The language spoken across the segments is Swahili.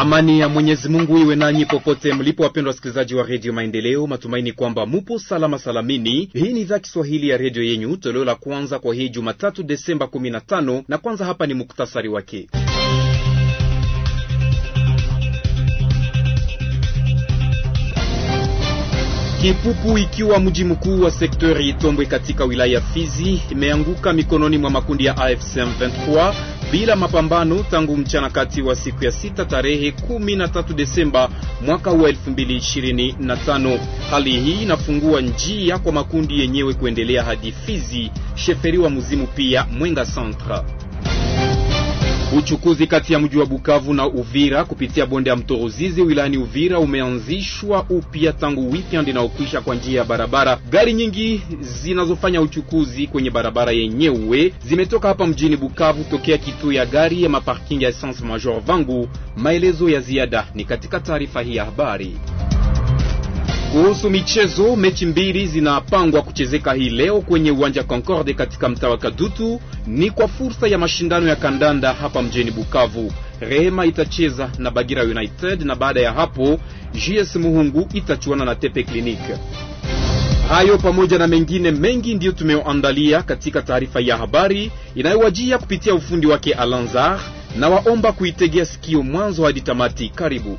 Amani ya Mwenyezi Mungu iwe nanyi popote mlipo, wapendwa wasikilizaji wa Redio Maendeleo. Matumaini kwamba mupo salama salamini. Hii ni idhaa Kiswahili ya redio yenyu, toleo la kwanza kwa hii Jumatatu, Desemba 15. Na kwanza hapa ni muktasari wake. Kipupu ikiwa mji mkuu wa sektori Itombwe katika wilaya Fizi imeanguka mikononi mwa makundi ya AFC M23 bila mapambano tangu mchana kati wa siku ya sita tarehe 13 Desemba mwaka wa 2025. Hali hii inafungua njia kwa makundi yenyewe kuendelea hadi Fizi, Sheferi wa Muzimu pia Mwenga Centre. Uchukuzi kati ya mji wa Bukavu na Uvira kupitia bonde ya mto Ruzizi wilayani Uvira umeanzishwa upya tangu weekend inayokwisha kwa njia ya barabara. Gari nyingi zinazofanya uchukuzi kwenye barabara yenyewe zimetoka hapa mjini Bukavu tokea kituo ya gari ya maparking ya Essence Major Vangu. Maelezo ya ziada ni katika taarifa hii ya habari. Kuhusu michezo, mechi mbili zinapangwa kuchezeka hii leo kwenye uwanja Concorde katika mtaa wa Kadutu. Ni kwa fursa ya mashindano ya kandanda hapa mjini Bukavu. Rehema itacheza na Bagira United na baada ya hapo JS Muhungu itachuana na Tepe Clinique. Hayo pamoja na mengine mengi ndiyo tumeoandalia katika taarifa ya habari inayowajia kupitia ufundi wake Alanzar, na waomba kuitegea sikio mwanzo hadi tamati. Karibu.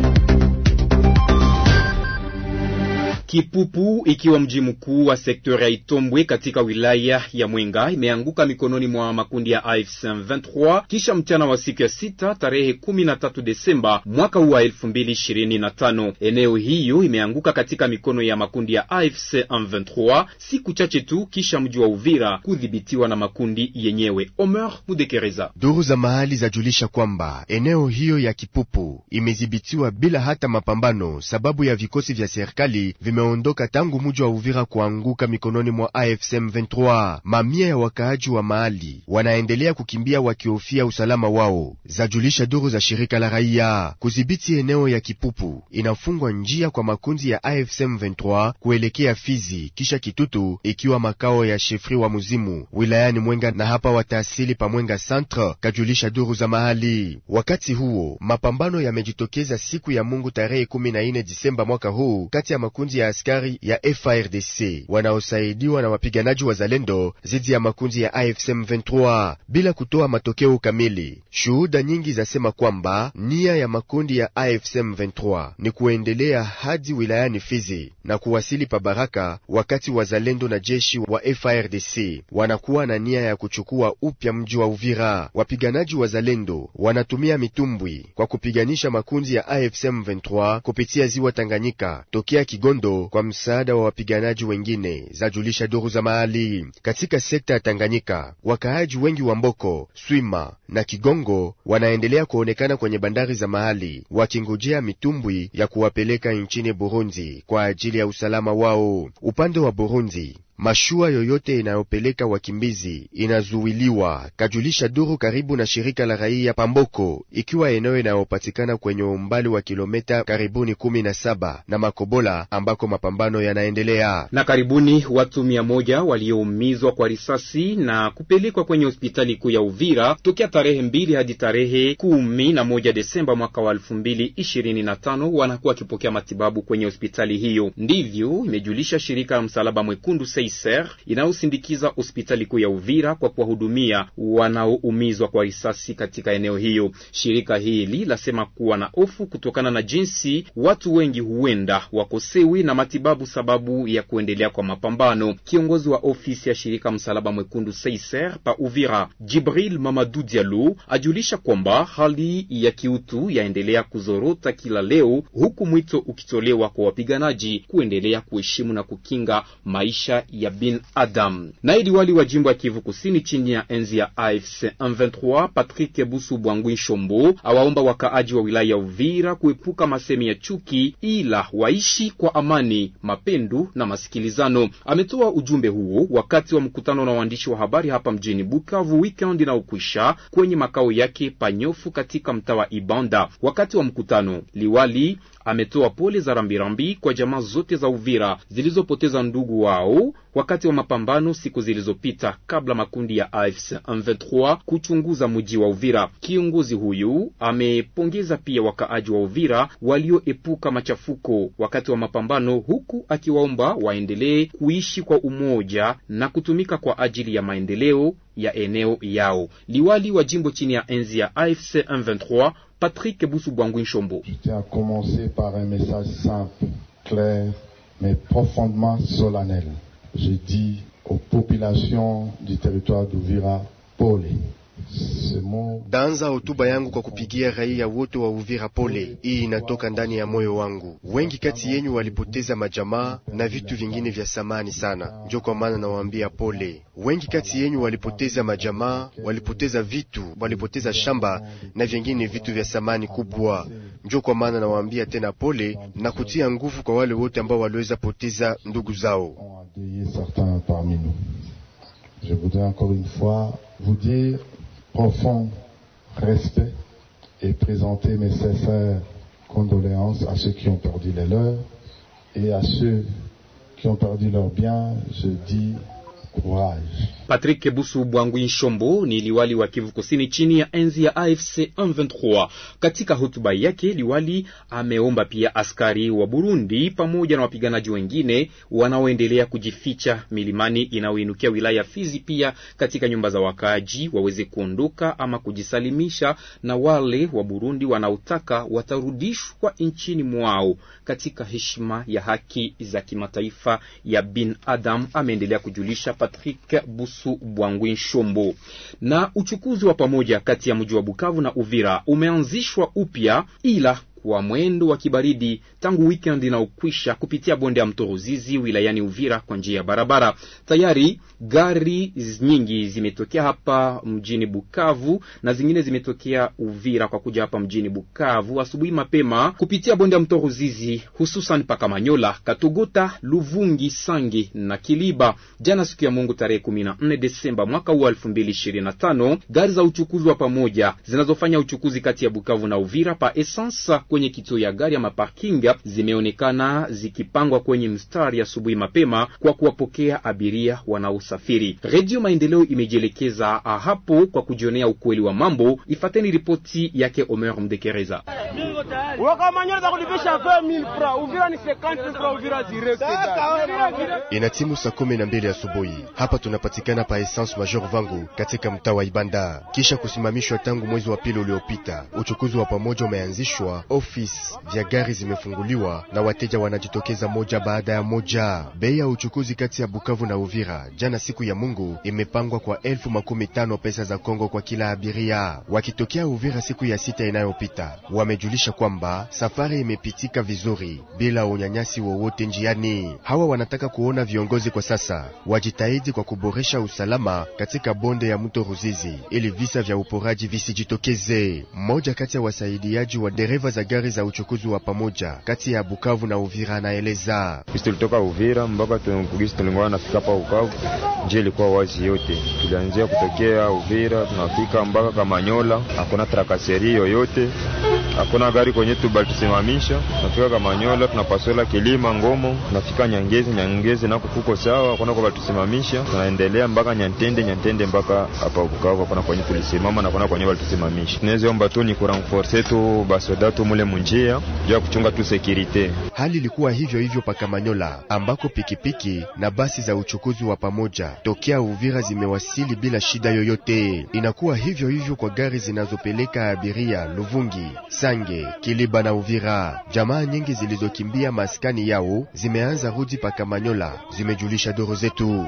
Kipupu ikiwa mji mkuu wa sekta ya Itombwe katika wilaya ya Mwenga imeanguka mikononi mwa makundi ya AFC M23 kisha mchana wa siku ya sita tarehe 13 Desemba mwaka huu wa 2025. Eneo hiyo imeanguka katika mikono ya makundi ya AFC M23 siku chache tu kisha mji wa Uvira kudhibitiwa na makundi yenyewe. Omer Mudekereza. Duru za mahali zajulisha kwamba eneo hiyo ya Kipupu imedhibitiwa bila hata mapambano sababu ya vikosi vya serikali vime umeondoka tangu muji wa Uvira kuanguka mikononi mwa AFC M23. Mamia ya wakaaji wa mahali wanaendelea kukimbia wakihofia usalama wao, zajulisha duru za shirika la raia. Kudhibiti eneo ya Kipupu inafungwa njia kwa makundi ya AFC M23 kuelekea Fizi kisha Kitutu, ikiwa makao ya Shefri wa Muzimu wilayani Mwenga na hapa wataasili pa Mwenga Centre, kajulisha duru za mahali. Wakati huo mapambano yamejitokeza siku ya Mungu tarehe 14 Disemba mwaka huu kati ya makundi ya askari ya frdc wanaosaidiwa na wapiganaji wa Zalendo dhidi ya makundi ya AFC 23 bila kutoa matokeo kamili. Shuhuda nyingi zasema kwamba nia ya makundi ya AFC 23 ni kuendelea hadi wilayani Fizi na kuwasili Pabaraka, wakati wazalendo na jeshi wa frdc wanakuwa na nia ya kuchukua upya mji wa Uvira. Wapiganaji wa Zalendo wanatumia mitumbwi kwa kupiganisha makundi ya AFC 23 kupitia ziwa Tanganyika tokea Kigondo kwa msaada wa wapiganaji wengine, zajulisha duru za mahali katika sekta ya Tanganyika. Wakaaji wengi wa Mboko, Swima na Kigongo wanaendelea kuonekana kwenye bandari za mahali wakingojea mitumbwi ya kuwapeleka nchini Burundi kwa ajili ya usalama wao. Upande wa Burundi Mashua yoyote inayopeleka wakimbizi inazuiliwa, kajulisha duru karibu na shirika la raia Pamboko, ikiwa eneo inayopatikana kwenye umbali wa kilometa karibuni 17 na Makobola ambako mapambano yanaendelea. Na karibuni watu mia moja walioumizwa kwa risasi na kupelekwa kwenye hospitali kuu ya Uvira tokea tarehe mbili hadi tarehe kumi na moja Desemba mwaka wa 2025 wanakuwa wakipokea matibabu kwenye hospitali hiyo, ndivyo imejulisha shirika la Msalaba Mwekundu UNICEF inayosindikiza hospitali kuu ya Uvira kwa kuwahudumia wanaoumizwa kwa risasi katika eneo hiyo. Shirika hili lasema kuwa na hofu kutokana na jinsi watu wengi huenda wakosewi na matibabu sababu ya kuendelea kwa mapambano. Kiongozi wa ofisi ya shirika Msalaba Mwekundu Seiser pa Uvira, Jibril Mamadu Diallo, ajulisha kwamba hali ya kiutu yaendelea kuzorota kila leo, huku mwito ukitolewa kwa wapiganaji kuendelea kuheshimu na kukinga maisha ya bin Adam. Naye liwali wa jimbo ya Kivu Kusini chini ya enzi ya AFC M23 Patrick Busu Bwangwi Shombo awaomba wakaaji wa wilaya ya Uvira kuepuka masemi ya chuki, ila waishi kwa amani, mapendo na masikilizano. Ametoa ujumbe huo wakati wa mkutano na waandishi wa habari hapa mjini Bukavu weekend inaokwisha kwenye makao yake panyofu katika mtaa wa Ibanda. Wakati wa mkutano liwali ametoa pole za rambirambi kwa jamaa zote za Uvira zilizopoteza ndugu wao wakati wa mapambano siku zilizopita kabla makundi ya AFC M23 kuchunguza mji wa Uvira. Kiongozi huyu amepongeza pia wakaaji wa Uvira walioepuka machafuko wakati wa mapambano, huku akiwaomba waendelee kuishi kwa umoja na kutumika kwa ajili ya maendeleo ya eneo yao. Liwali wa jimbo chini ya enzi ya AFC M23 Patrick Boussoubangouin Chombo. Je tiens à commencer par un message simple, clair, mais profondément solennel. Je dis aux populations du territoire d'Ouvira, Paulé, Daanza hotuba yangu kwa kupigia raia wote wa Uvira pole. Hii inatoka ndani ya moyo wangu. Wengi kati yenyu walipoteza majamaa na vitu vingine vya samani sana, njo kwa maana nawaambia pole. Wengi kati yenyu walipoteza majamaa, walipoteza vitu, walipoteza shamba na vingine vitu vya samani kubwa, njo kwa maana nawaambia tena pole na kutia nguvu kwa wale wote ambao waliweza poteza ndugu zao. Je voudrais encore une fois vous dire profond respect et présenter mes sincères condoléances à ceux qui ont perdu les leurs et à ceux qui ont perdu leurs biens, je dis courage. Patrick Busu Bwangwi Nshombo ni liwali wa Kivu Kusini chini ya enzi ya AFC M23. Katika hotuba yake, liwali ameomba pia askari wa Burundi pamoja na wapiganaji wengine wanaoendelea kujificha milimani inayoinukia wilaya Fizi, pia katika nyumba za wakaaji, waweze kuondoka ama kujisalimisha, na wale wa Burundi wanaotaka watarudishwa nchini mwao katika heshima ya haki za kimataifa ya binadamu, ameendelea kujulisha Patrick Busu Lusu Bwangwi Shombo. Na uchukuzi wa pamoja kati ya mji wa Bukavu na Uvira umeanzishwa upya ila kwa mwendo wa kibaridi tangu weekend inaokwisha kupitia bonde ya mto Ruzizi wilayani Uvira kwa njia ya barabara. Tayari gari nyingi zimetokea hapa mjini Bukavu na zingine zimetokea Uvira kwa kuja hapa mjini Bukavu asubuhi mapema kupitia bonde ya mto Ruzizi, hususan paka Manyola, Katogota, Luvungi, Sangi na Kiliba. Jana siku ya Mungu tarehe 14 Desemba mwaka huu 2025, gari za uchukuzi wa pamoja zinazofanya uchukuzi kati ya Bukavu na Uvira pa essence kwenye kituo ya gari ya maparkinga zimeonekana zikipangwa kwenye mstari asubuhi mapema kwa kuwapokea abiria wanaosafiri. Redio Maendeleo imejielekeza ah, hapo kwa kujionea ukweli wa mambo. Ifateni ripoti yake Omer Mdekereza. Inatimu saa kumi na mbili asubuhi hapa tunapatikana pa Essence Major Vangu katika mtaa wa Ibanda, kisha kusimamishwa tangu mwezi wa pili uliopita. Uchukuzi wa pamoja umeanzishwa ofisi vya gari zimefunguliwa na wateja wanajitokeza moja baada ya moja. Bei ya uchukuzi kati ya Bukavu na Uvira jana siku ya Mungu imepangwa kwa elfu makumi tano pesa za Kongo kwa kila abiria. Wakitokea Uvira siku ya sita inayopita, wamejulisha kwamba safari imepitika vizuri bila unyanyasi wowote njiani. Hawa wanataka kuona viongozi kwa sasa wajitahidi kwa kuboresha usalama katika bonde ya mto Ruzizi ili visa vya uporaji visijitokeze. Mmoja kati ya wasaidiaji wa dereva za gari za uchukuzi wa pamoja kati ya Bukavu na Uvira. Anaeleza sisi tulitoka Uvira mpaka tunkugisi tulingoa nafika pa Bukavu, njia ilikuwa wazi yote. Tulianzia kutokea Uvira tunafika mpaka Kamanyola, hakuna trakaseri yoyote hakuna gari kwenye balitusimamisha Nafika Kamanyola, tunapasola Kilima, Ngomo, nafika Nyangezi. Nyangezi nako kuko sawa, hakuna kwa balitusimamisha. Tunaendelea mpaka Nyantende, Nyantende mpaka hapa Bukavu, hakuna kwenye tulisimama na hakuna kwenye balitusimamisha. omba tu ni kuranforce tu basoda tu mule munjia juu ya kuchunga tu sekirite. Hali ilikuwa hivyo hivyo pa Kamanyola ambako pikipiki na basi za uchukuzi wa pamoja tokea Uvira zimewasili bila shida yoyote. Inakuwa hivyo hivyo kwa gari zinazopeleka abiria Luvungi Sa Sange, Kiliba na Uvira. Jamaa nyingi zilizokimbia maskani yao zimeanza rudi paka Manyola, zimejulisha doro zetu.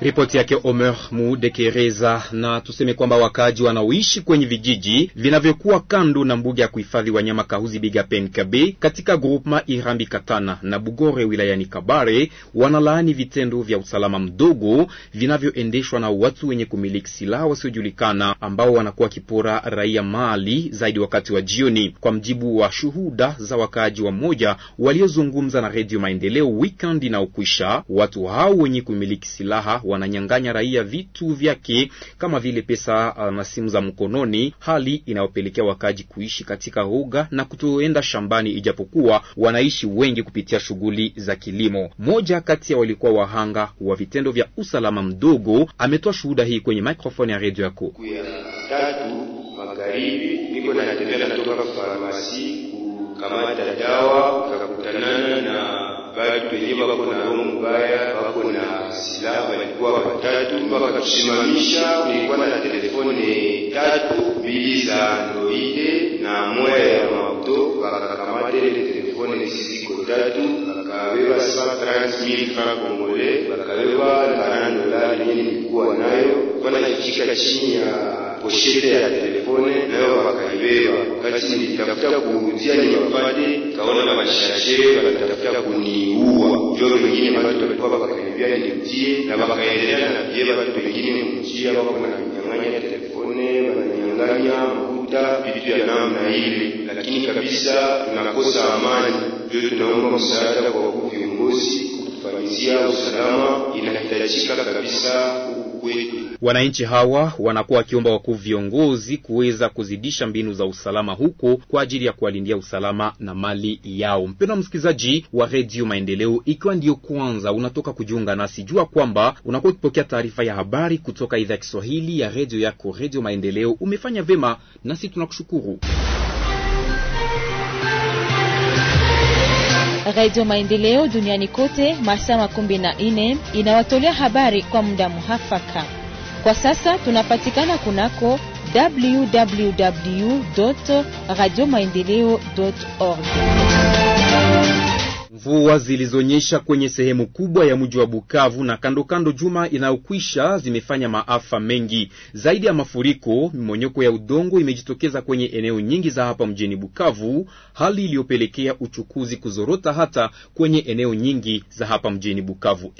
Ripoti yake Omer Mudekereza. Na tuseme kwamba wakaaji wanaoishi kwenye vijiji vinavyokuwa kando na mbuga ya kuhifadhi wanyama Kahuzi Bigapen Kabe katika grupma Irambi Katana na Bugore wilayani Kabare wanalaani vitendo vya usalama mdogo vinavyoendeshwa na watu wenye kumiliki silaha wasiojulikana ambao wanakuwa wakipora raia mali zaidi wakati wa jioni, kwa mjibu wa shuhuda za wakaaji wa moja waliozungumza na Redio Maendeleo wikendi inaokwisha watu hao au wenye kumiliki silaha wananyang'anya raia vitu vyake kama vile pesa uh, na simu za mkononi, hali inayopelekea wakaji kuishi katika uga na kutoenda shambani, ijapokuwa wanaishi wengi kupitia shughuli za kilimo. Moja kati ya walikuwa wahanga wa vitendo vya usalama mdogo ametoa shuhuda hii kwenye mikrofoni ya redio yako tatu magharibi. Niko natembea natoka farmasi kukamata dawa, kakutanana na bali tulinyima kuna roho mbaya bako na silaha walikuwa watatu, mpaka kusimamisha kulikuwa na telefone tatu mbili za ndoide na moya ya mauto, wakakamata ile telefone ziziko tatu, sa mil francs kongole bakabeba na dola yenye nilikuwa nayo, kwa chika chini ya poshete ya telefone nayo wakaibeba. Wakati nilitafuta kuuzia ni mapade, kaona mashashe wanatafuta kuniua. Ndio wengine watu walikuwa wakaniambia nimtie, na wakaendelea na pia watu wengine kumjia, wako na kunyang'anya telefone, wananyang'anya makuta vitu ya namna ile, lakini kabisa tunakosa amani. Ndio tunaomba msaada kwa wakuu viongozi kutufanyizia usalama, inahitajika kabisa huku kwetu. Wananchi hawa wanakuwa wakiomba wakuu viongozi kuweza kuzidisha mbinu za usalama huko kwa ajili ya kuwalindia usalama na mali yao. Mpendwa msikilizaji wa Redio Maendeleo, ikiwa ndiyo kwanza unatoka kujiunga nasi, jua kwamba unakuwa ukipokea taarifa ya habari kutoka idhaa ya Kiswahili ya redio yako Redio Maendeleo. Umefanya vyema, nasi tunakushukuru. Radio Maendeleo duniani kote masaa makumi na nne inawatolea habari kwa muda muhafaka. Kwa sasa tunapatikana kunako www radio maendeleo org. Mvua zilizonyesha kwenye sehemu kubwa ya mji wa Bukavu na kando kando juma inayokwisha zimefanya maafa mengi. Zaidi ya mafuriko, mimonyoko ya udongo imejitokeza kwenye eneo nyingi za hapa mjini Bukavu, hali iliyopelekea uchukuzi kuzorota hata kwenye eneo nyingi za hapa mjini Bukavu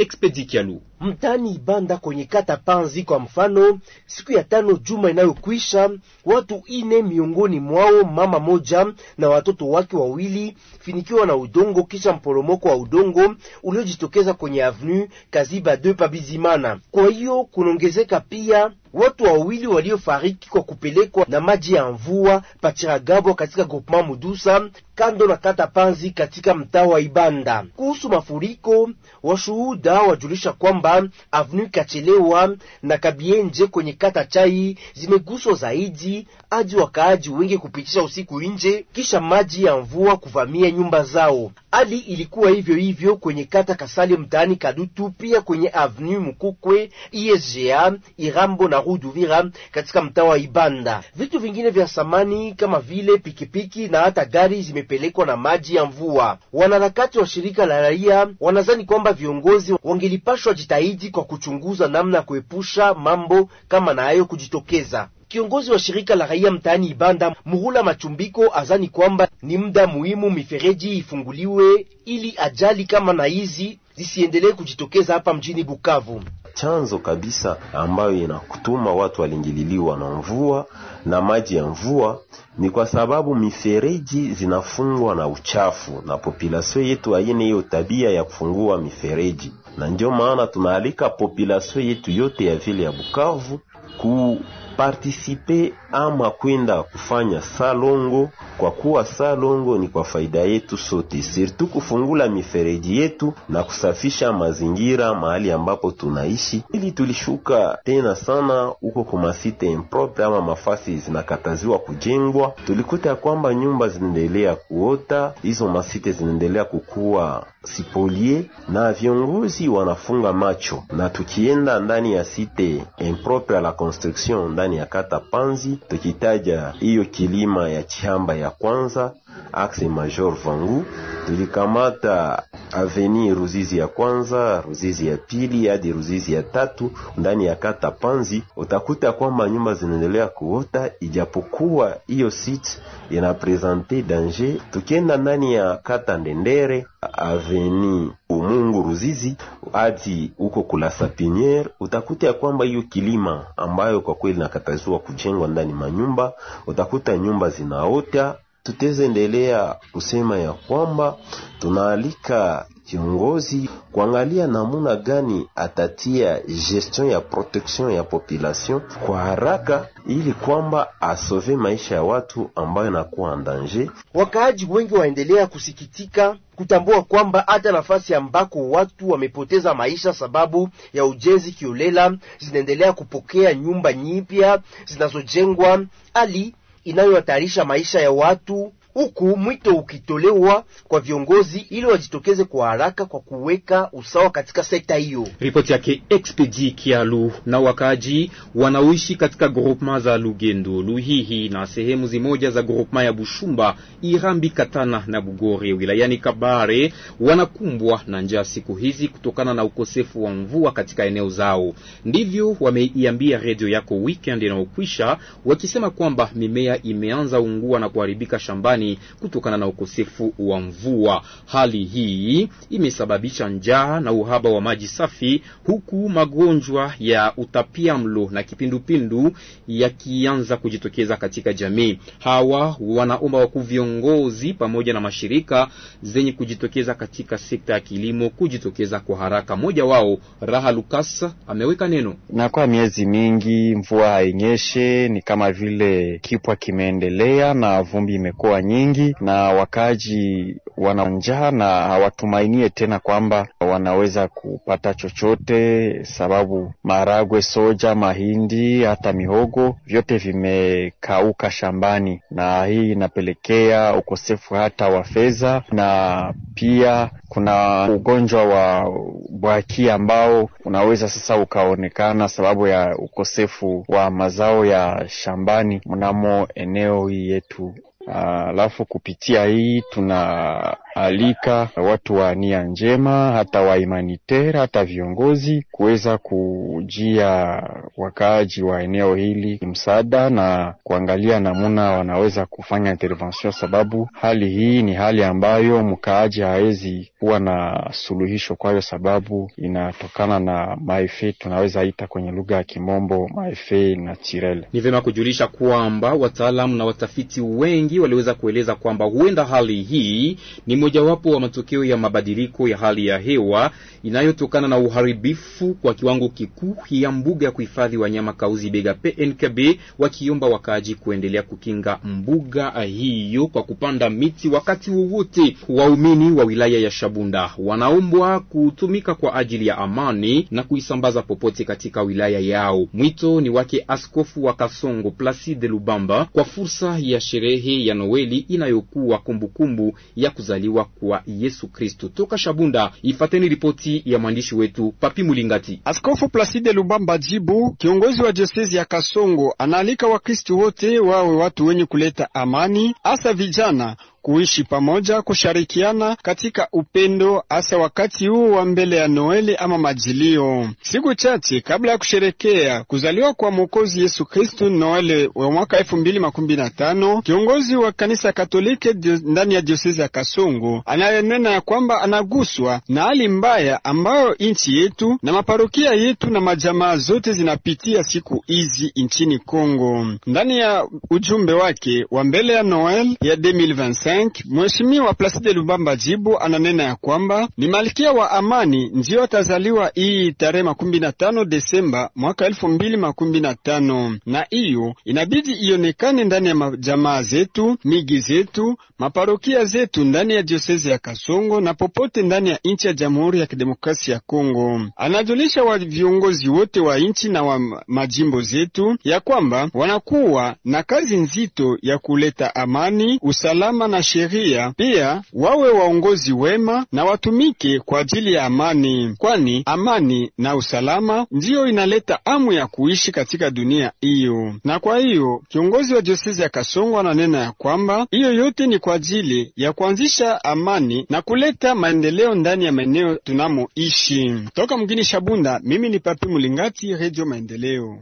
mtani Ibanda kwenye kata Panzi. Kwa mfano, siku ya tano juma inayokwisha, watu ine miongoni mwao mama moja na watoto wake wawili finikiwa na udongo kisha mporomoko wa udongo uliojitokeza kwenye avenue Kaziba de Pabizimana. Kwa hiyo kunaongezeka pia watu wawili waliofariki kwa kupelekwa na maji ya mvua Pachiragabo katika Gopma Mudusa kando na kata Panzi katika mtaa wa Ibanda. Kuhusu mafuriko, washuhuda wajulisha kwamba avenu Kachelewa na Kabienje kwenye kata Chai zimeguswa zaidi, hadi wakaaji wengi kupitisha usiku nje kisha maji ya mvua kuvamia nyumba zao. Hali ilikuwa hivyo hivyo kwenye kata Kasale mtaani Kadutu, pia kwenye avenu Mkukwe, Iesga, Irambo na Uduvira katika mtaa wa Ibanda. Vitu vingine vya samani kama vile pikipiki na hata gari zimepelekwa na maji ya mvua. Wanaharakati wa shirika la raia wanazani kwamba viongozi wangelipashwa jitahidi kwa kuchunguza namna ya kuepusha mambo kama na hayo kujitokeza. Kiongozi wa shirika la raia mtaani Ibanda, Muhula Machumbiko, azani kwamba ni muda muhimu mifereji ifunguliwe ili ajali kama na hizi zisiendelee kujitokeza hapa mjini Bukavu chanzo kabisa ambayo inakutuma watu walingililiwa na mvua na maji ya mvua ni kwa sababu mifereji zinafungwa na uchafu, na populasio yetu haina hiyo tabia ya kufungua mifereji, na ndio maana tunaalika populasio yetu yote ya vile ya Bukavu ku tupartisipe ama kwenda kufanya salongo, kwa kuwa salongo ni kwa faida yetu sote, sirtu kufungula mifereji yetu na kusafisha mazingira mahali ambapo tunaishi, ili tulishuka tena sana huko kumasite impropre ama mafasi zinakataziwa kujengwa, tulikuta ya kwamba nyumba zinaendelea kuota, hizo masite zinaendelea kukua sipolie na viongozi wanafunga macho. Na tukienda ndani ya site impropre la construction ndani ya kata Panzi, tukitaja hiyo kilima ya Chihamba ya kwanza axe major Vangu, tulikamata aveni Ruzizi ya kwanza, Ruzizi ya pili hadi Ruzizi ya tatu ndani ya kata Panzi, utakuta kwamba nyumba zinaendelea kuota, ijapokuwa hiyo sit inapresente danger. Tukienda ndani ya kata Ndendere, aveni Umungu Ruzizi hadi huko kula sapiniere, utakuta ya kwamba hiyo kilima ambayo kwa kweli nakatazua kujengwa ndani manyumba, utakuta nyumba zinaota Tutaendelea kusema ya kwamba tunaalika kiongozi kuangalia namuna gani atatia gestion ya protection ya population kwa haraka, ili kwamba asove maisha ya watu ambayo inakuwa ndanje. danger. Wakaaji wengi waendelea kusikitika kutambua kwamba hata nafasi ambako watu wamepoteza maisha sababu ya ujenzi kiolela zinaendelea kupokea nyumba nyipya zinazojengwa ali inayohatarisha maisha ya watu huku mwito ukitolewa kwa viongozi ili wajitokeze kwa haraka kwa kuweka usawa katika sekta hiyo. Ripoti yake XPG Kialu. Na wakaaji wanaoishi katika groupema za Lugendo, Luhihi na sehemu zimoja za groupema ya Bushumba, Irambi, Katana na Bugore wilayani Kabare wanakumbwa na njaa siku hizi kutokana na ukosefu wa mvua katika eneo zao. Ndivyo wameiambia redio yako weekend inayokwisha wakisema kwamba mimea imeanza ungua na kuharibika shambani shambani kutokana na ukosefu wa mvua. Hali hii imesababisha njaa na uhaba wa maji safi, huku magonjwa ya utapiamlo na kipindupindu yakianza kujitokeza katika jamii. Hawa wanaomba wakuu viongozi pamoja na mashirika zenye kujitokeza katika sekta ya kilimo kujitokeza kwa haraka. Mmoja wao Raha lukas ameweka neno. Na kwa miezi mingi mvua hainyeshe ni kama vile kipwa kimeendelea na vumbi imekuwa nyingi nyingi na wakaaji wana njaa na hawatumainie tena kwamba wanaweza kupata chochote, sababu maharagwe, soja, mahindi hata mihogo vyote vimekauka shambani, na hii inapelekea ukosefu hata wa fedha, na pia kuna ugonjwa wa bwaki ambao unaweza sasa ukaonekana sababu ya ukosefu wa mazao ya shambani mnamo eneo hii yetu Alafu kupitia hii tunaalika watu wa nia njema, hata wa humanitaire, hata viongozi kuweza kujia wakaaji wa eneo hili msaada na kuangalia namuna wanaweza kufanya intervention, sababu hali hii ni hali ambayo mkaaji hawezi kuwa na suluhisho kwayo, sababu inatokana na maefe, tunaweza ita kwenye lugha ya Kimombo maefe na chirele. Ni vyema kujulisha kwamba wataalamu na watafiti wengi hii waliweza kueleza kwamba huenda hali hii ni mojawapo wa matokeo ya mabadiliko ya hali ya hewa inayotokana na uharibifu kwa kiwango kikuu ya mbuga ya kuhifadhi wanyama Kauzi Bega PNKB, wakiomba wakaaji kuendelea kukinga mbuga hiyo kwa kupanda miti wakati wowote. Waumini wa wilaya ya Shabunda wanaombwa kutumika kwa ajili ya amani na kuisambaza popote katika wilaya yao. Mwito ni wake askofu wa Kasongo Placide Lubamba kwa fursa ya sherehe ya Noeli inayokuwa kumbukumbu ya kuzaliwa kwa Yesu Kristo. Toka Shabunda, ifateni ripoti ya mwandishi wetu Papi Mulingati. Askofu Placide Lubamba Jibu, kiongozi wa diosezi ya Kasongo, anaalika Wakristo wote wawe watu wenye kuleta amani, hasa vijana kuishi pamoja, kushirikiana katika upendo, hasa wakati huu wa mbele ya Noeli ama majilio, siku chache kabla ya kusherekea kuzaliwa kwa Mwokozi Yesu Kristu, Noeli wa mwaka elfu mbili makumi na tano. Kiongozi wa kanisa katolike ndani ya diosezi ya Kasongo anayenena ya kwamba anaguswa na hali mbaya ambayo nchi yetu na maparokia yetu na majamaa zote zinapitia siku hizi nchini Kongo. Ndani ya ujumbe wake wa mbele ya Noel ya 2025 Bank, Mheshimiwa Placide Lubamba Jibu ananena ya kwamba ni malkia wa amani ndiyo atazaliwa hii tarehe makumi na tano Desemba mwaka elfu mbili makumi na tano na hiyo inabidi ionekane ndani ya jamaa zetu, migi zetu, maparokia zetu ndani ya diosezi ya Kasongo na popote ndani ya nchi ya Jamhuri ya Kidemokrasia ya Kongo. Anajulisha wa viongozi wote wa nchi na wa majimbo zetu ya kwamba wanakuwa na kazi nzito ya kuleta amani, usalama na na sheria, pia wawe waongozi wema na watumike kwa ajili ya amani, kwani amani na usalama ndiyo inaleta amu ya kuishi katika dunia hiyo. Na kwa hiyo kiongozi wa diosezi ya Kasongo ananena ya kwamba hiyo yote ni kwa ajili ya kuanzisha amani na kuleta maendeleo ndani ya maeneo tunamoishi. Toka mgini Shabunda, mimi ni Papi Mulingati, Redio Maendeleo.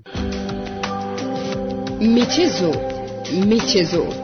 Michezo, michezo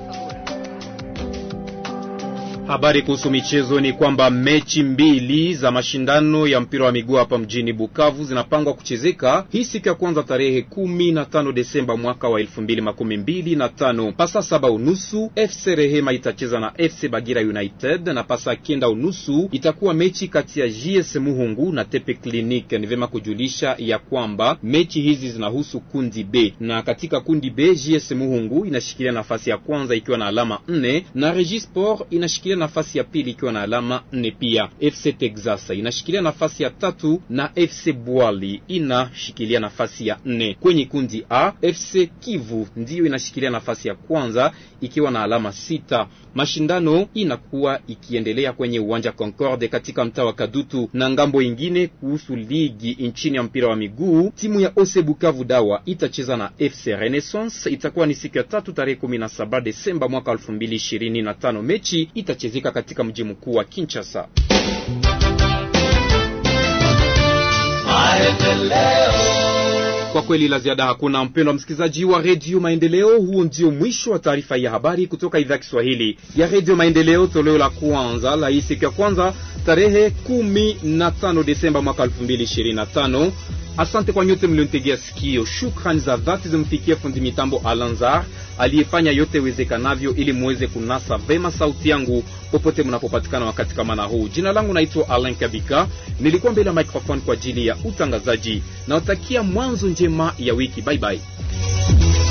Habari kuhusu michezo ni kwamba mechi mbili za mashindano ya mpira wa miguu hapa mjini Bukavu zinapangwa kuchezeka hii siku ya kwanza tarehe kumi na tano Desemba mwaka wa elfu mbili makumi mbili na tano pasa saba unusu FC Rehema itacheza na FC Bagira United na pasa kenda unusu itakuwa mechi kati ya JS Muhungu na Tepe Clinic. Ni vema kujulisha ya kwamba mechi hizi zinahusu kundi B, na katika kundi B JS Muhungu inashikilia nafasi ya kwanza ikiwa na alama nne na Regisport inashikilia nafasi ya pili ikiwa na alama nne. Pia FC Texasa inashikilia nafasi ya tatu na FC Bwali inashikilia nafasi ya nne. Kwenye kundi A, FC Kivu ndiyo inashikilia nafasi ya kwanza ikiwa na alama sita. Mashindano inakuwa ikiendelea kwenye uwanja Concorde katika mtaa wa Kadutu. Na ngambo ingine kuhusu ligi nchini ya mpira wa miguu, timu ya Ose Bukavu Dawa itacheza na FC Renaissance. Itakuwa ni siku ya tatu tarehe 17 Desemba mwaka 2025, mechi itacheza kumalizika katika mji mkuu wa Kinshasa. Kwa kweli la ziada hakuna, mpendo wa msikilizaji wa redio Maendeleo. Huo ndio mwisho wa taarifa ya habari kutoka idhaa Kiswahili ya redio Maendeleo, toleo la kwanza la hii siku ya kwanza tarehe 15 Desemba mwaka 2025. Asante kwa nyote mliontegea sikio. Shukrani za dhati zimfikie fundi mitambo Alanzar aliyefanya yote iwezekanavyo ili muweze kunasa vema sauti yangu popote mnapopatikana wakati kama na huu. Jina langu naitwa Alan Kabika, nilikuwa mbele ya microphone kwa ajili ya utangazaji. Nawatakia mwanzo njema ya wiki. Bye bye.